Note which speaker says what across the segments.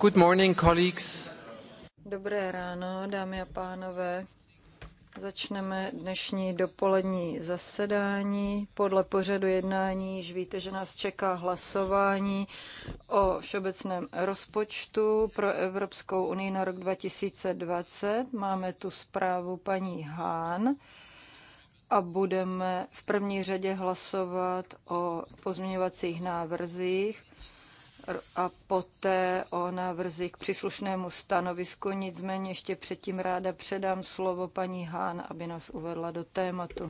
Speaker 1: Good morning, colleagues. Dobré ráno, dámy a pánové. Začneme dnešní dopolední zasedání. Podle pořadu jednání již víte, že nás čeká hlasování o všeobecném rozpočtu pro Evropskou unii na rok 2020. Máme tu zprávu paní Hán a budeme v první řadě hlasovat o pozměňovacích návrzích a poté o návrzi k příslušnému stanovisku. Nicméně ještě předtím ráda předám slovo paní Hán, aby nás uvedla do tématu.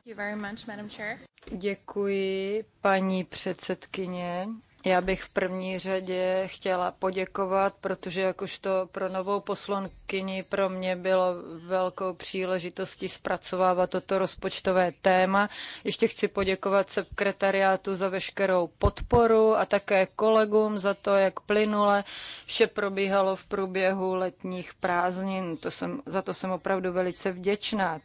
Speaker 1: Děkuji, paní předsedkyně. Já bych v první řadě chtěla poděkovat, protože jakožto pro novou poslankyni předsedkyni. Pro mě bylo velkou příležitostí zpracovávat toto rozpočtové téma. Ještě chci poděkovat sekretariátu za veškerou podporu a také kolegům za to, jak plynule vše probíhalo v průběhu letních prázdnin. To jsem, za to jsem opravdu velice vděčná.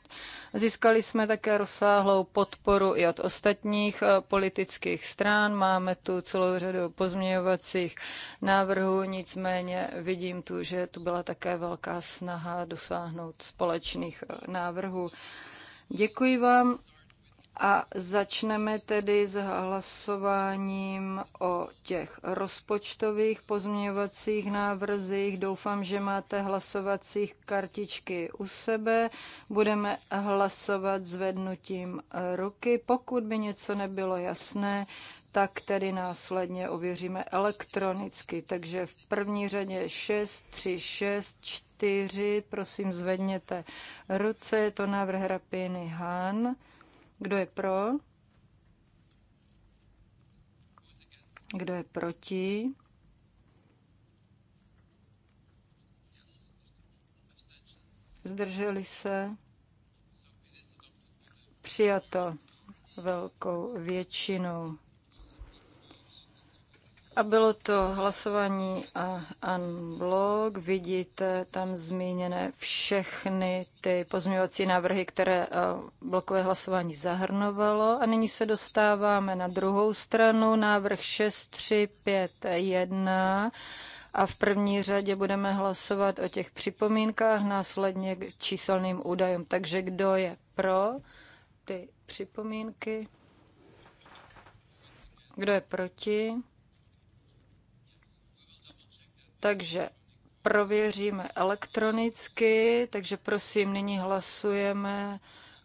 Speaker 1: Získali jsme také rozsáhlou podporu i od ostatních eh, politických stran. Máme tu celou řadu pozměňovacích návrhů, nicméně vidím tu, že tu byla také velká a snaha dosáhnout společných eh, návrhů. Děkuji vám a začneme tedy s hlasováním o těch rozpočtových pozměňovacích návrzích. Doufám, že máte hlasovacích kartičky u sebe. Budeme hlasovat zvednutím ruky. Pokud by něco nebylo jasné, tak tedy následně ověříme elektronicky. Takže v první řadě 6, 3, 6, 4, prosím zvedněte ruce, je to návrh Rapiny Han. Kdo je pro? Kdo je proti? Zdrželi se? Přijato velkou většinou. A bylo to hlasování a unblock. Vidíte tam zmíněné všechny ty pozměňovací návrhy, které eh, blokové hlasování zahrnovalo. A nyní se dostáváme na druhou stranu, návrh 6351. A v první řadě budeme hlasovat o těch připomínkách, následně k číselným údajům. Takže kdo je pro ty připomínky? Kdo je proti? Takže prověříme elektronicky, takže prosím, nyní hlasujeme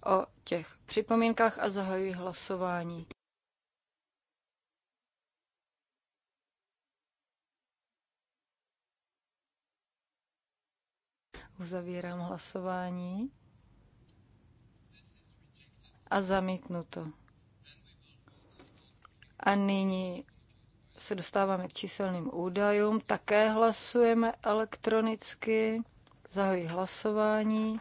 Speaker 1: o těch připomínkách a zahajuji hlasování. Uzavírám hlasování a zamítnuto. A nyní se dostáváme k číselným údajům. Také hlasujeme elektronicky. Zahojí hlasování.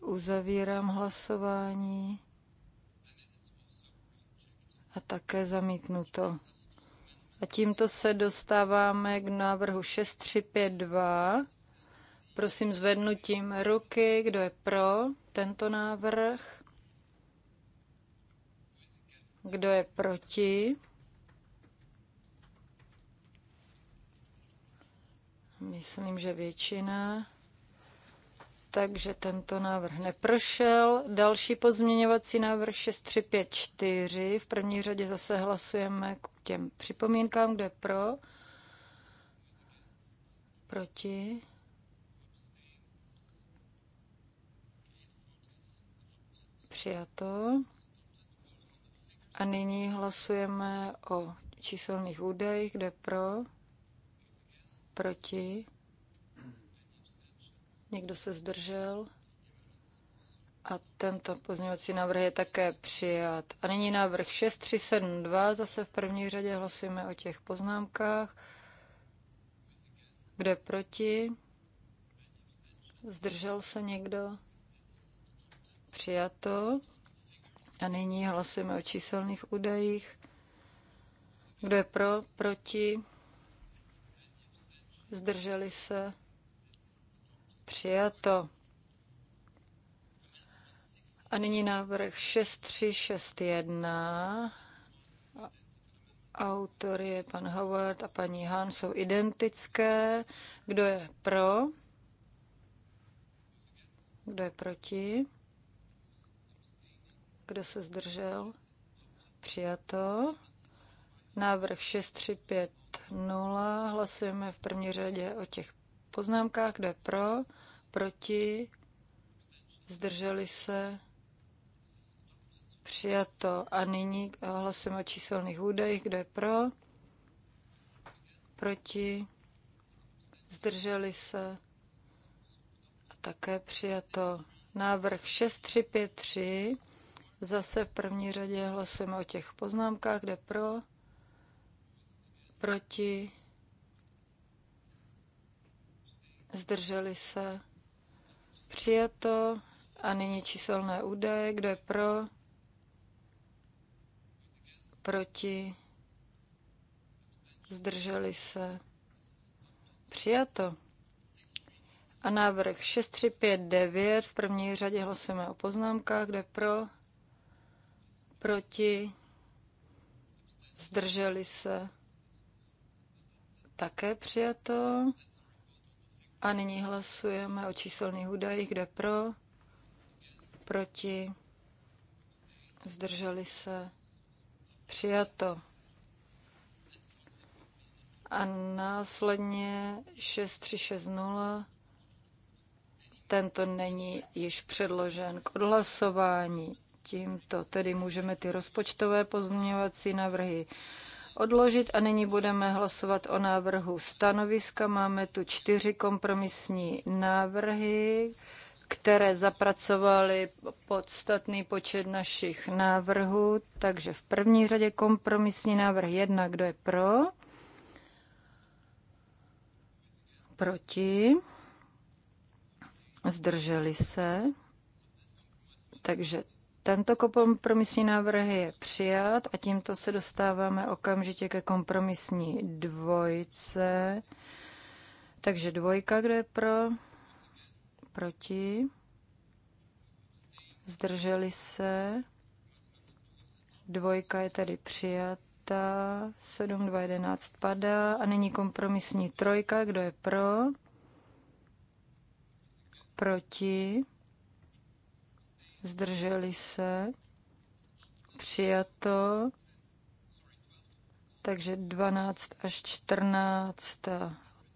Speaker 1: Uzavírám hlasování. A také zamítnuto. A tímto se dostáváme k návrhu 6352. Prosím zvednutím ruky, kdo je pro tento návrh. Kdo je proti? Myslím, že většina. Takže tento návrh neprošel. Další pozměňovací návrh 6354. V první řadě zase hlasujeme k těm připomínkám, kde pro, proti. Přijato. A nyní hlasujeme o číselných údajích, kde pro, proti, někdo se zdržel. A tento pozměňovací návrh je také přijat. A nyní návrh 6372, zase v první řadě hlasujeme o těch poznámkách. Kde proti? Zdržel se někdo? Přijato. A nyní hlasujeme o číselných údajích. Kdo je pro? Proti? Zdrželi se? Přijato. A nyní návrh 6361. Autor je pan Howard a paní Han jsou identické. Kdo je pro? Kdo je proti? Kdo se zdržel? Přijato. Návrh 6350. Hlasujeme v první řadě o těch poznámkách, je pro, proti, zdrželi se, přijato. A nyní hlasujeme o číselných údajích, je pro, proti, zdrželi se a také přijato. Návrh 6353 Zase v první řadě hlasujeme o těch poznámkách, kde pro, proti, zdrželi se, přijato a nyní číselné údaje, kde pro, proti, zdrželi se, přijato. A návrh 6359 v první řadě hlasujeme o poznámkách, kde pro, proti, zdrželi se, také přijato. A nyní hlasujeme o číselných údajích, kde pro, proti, zdrželi se, přijato. A následně 6360 tento není již předložen k odhlasování tímto tedy můžeme ty rozpočtové pozměňovací návrhy odložit a nyní budeme hlasovat o návrhu stanoviska. Máme tu čtyři kompromisní návrhy, které zapracovaly podstatný počet našich návrhů. Takže v první řadě kompromisní návrh jedna, kdo je pro? Proti? Zdrželi se? Takže tento kompromisní návrh je přijat a tímto se dostáváme okamžitě ke kompromisní dvojce. Takže dvojka, kde je pro? Proti. Zdrželi se. Dvojka je tedy přijata. 7, 2, 11 padá. A není kompromisní trojka, kdo je pro? Proti zdrželi se, přijato, takže 12 až 14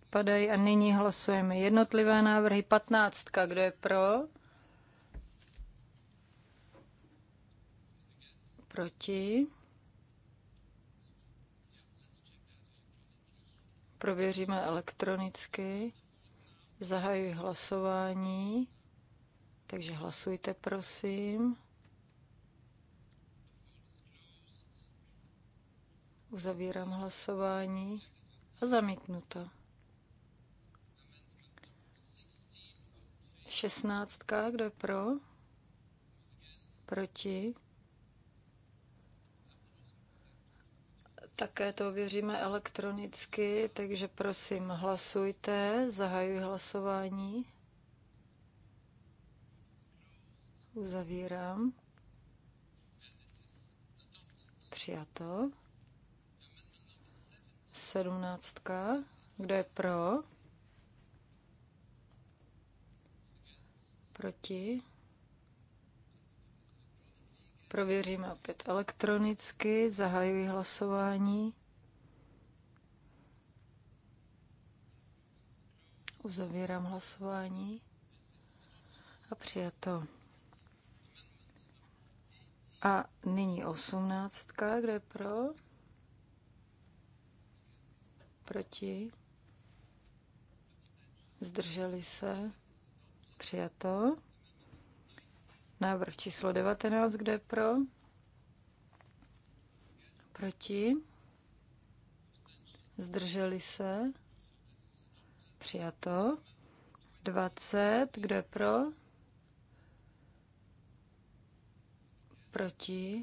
Speaker 1: odpadají a nyní hlasujeme jednotlivé návrhy 15. Kdo je pro? Proti? Prověříme elektronicky. Zahajuji hlasování. Takže hlasujte, prosím. Uzavírám hlasování a zamítnuto. 16. Kdo je pro? Proti? Také to ověříme elektronicky, takže prosím hlasujte, zahajuji hlasování. Uzavírám. Přijato. Sedmnáctka. Kdo je pro? Proti? Prověříme opět elektronicky. Zahajuji hlasování. Uzavírám hlasování. A přijato. A nyní osmnáctka, kde pro? Proti? Zdrželi se? Přijato. Návrh číslo 19, kde pro? Proti? Zdrželi se? Přijato. 20, kde pro? Proti?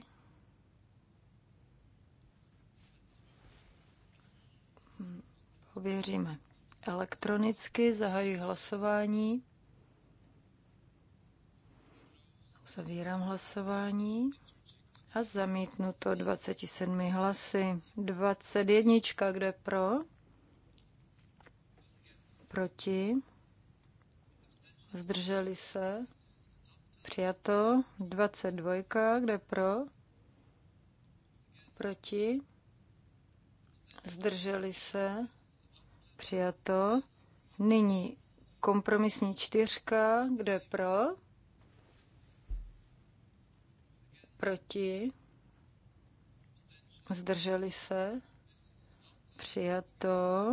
Speaker 1: Ověříme. Elektronicky zahajuji hlasování. Zavírám hlasování a zamítnu to 27 hlasy. 21, kde pro? Proti? Zdrželi se? Přijato. 22. Kde pro? Proti? Zdrželi se? Přijato. Nyní kompromisní čtyřka. Kde pro? Proti? Zdrželi se? Přijato.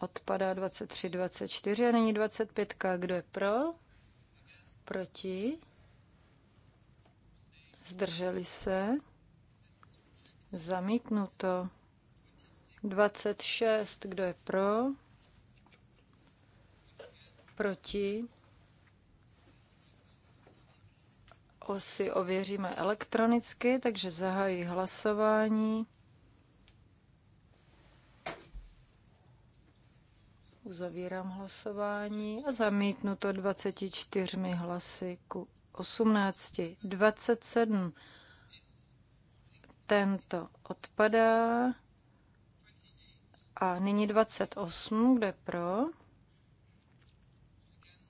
Speaker 1: Odpadá 23, 24 a není 25. Kdo je pro? Proti? Zdrželi se? Zamítnuto. 26. Kdo je pro? Proti? Osy ověříme elektronicky, takže zahájí hlasování. Uzavírám hlasování a zamítnu to 24 hlasy ku 18. 27. Tento odpadá. A nyní 28, kde pro?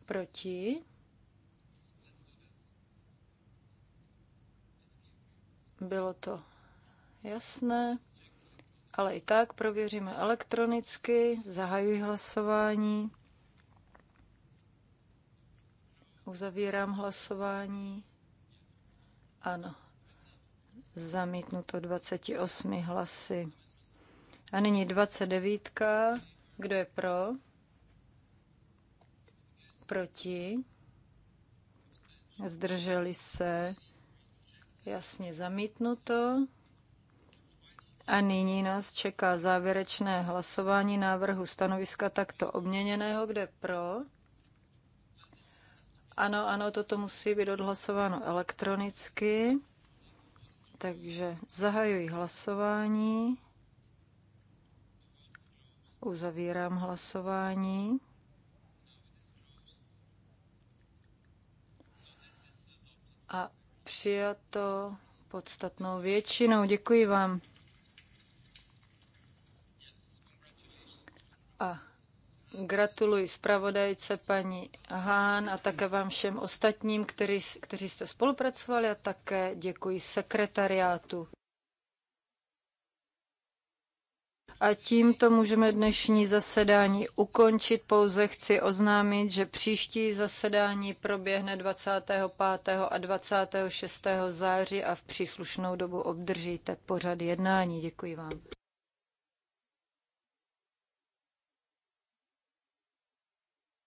Speaker 1: Proti? Bylo to jasné ale i tak prověříme elektronicky, zahajuji hlasování, uzavírám hlasování, ano, zamítnuto 28 hlasy. A nyní 29. Kdo je pro? Proti? Zdrželi se? Jasně zamítnuto. A nyní nás čeká závěrečné hlasování návrhu stanoviska takto obměněného, kde pro. Ano, ano, toto musí být odhlasováno elektronicky. Takže zahajuji hlasování. Uzavírám hlasování. A přijato podstatnou většinou. Děkuji vám. a gratuluji zpravodajce paní Hán a také vám všem ostatním, který, kteří jste spolupracovali a také děkuji sekretariátu. A tímto můžeme dnešní zasedání ukončit. Pouze chci oznámit, že příští zasedání proběhne 25. a 26. září a v příslušnou dobu obdržíte pořad jednání. Děkuji vám.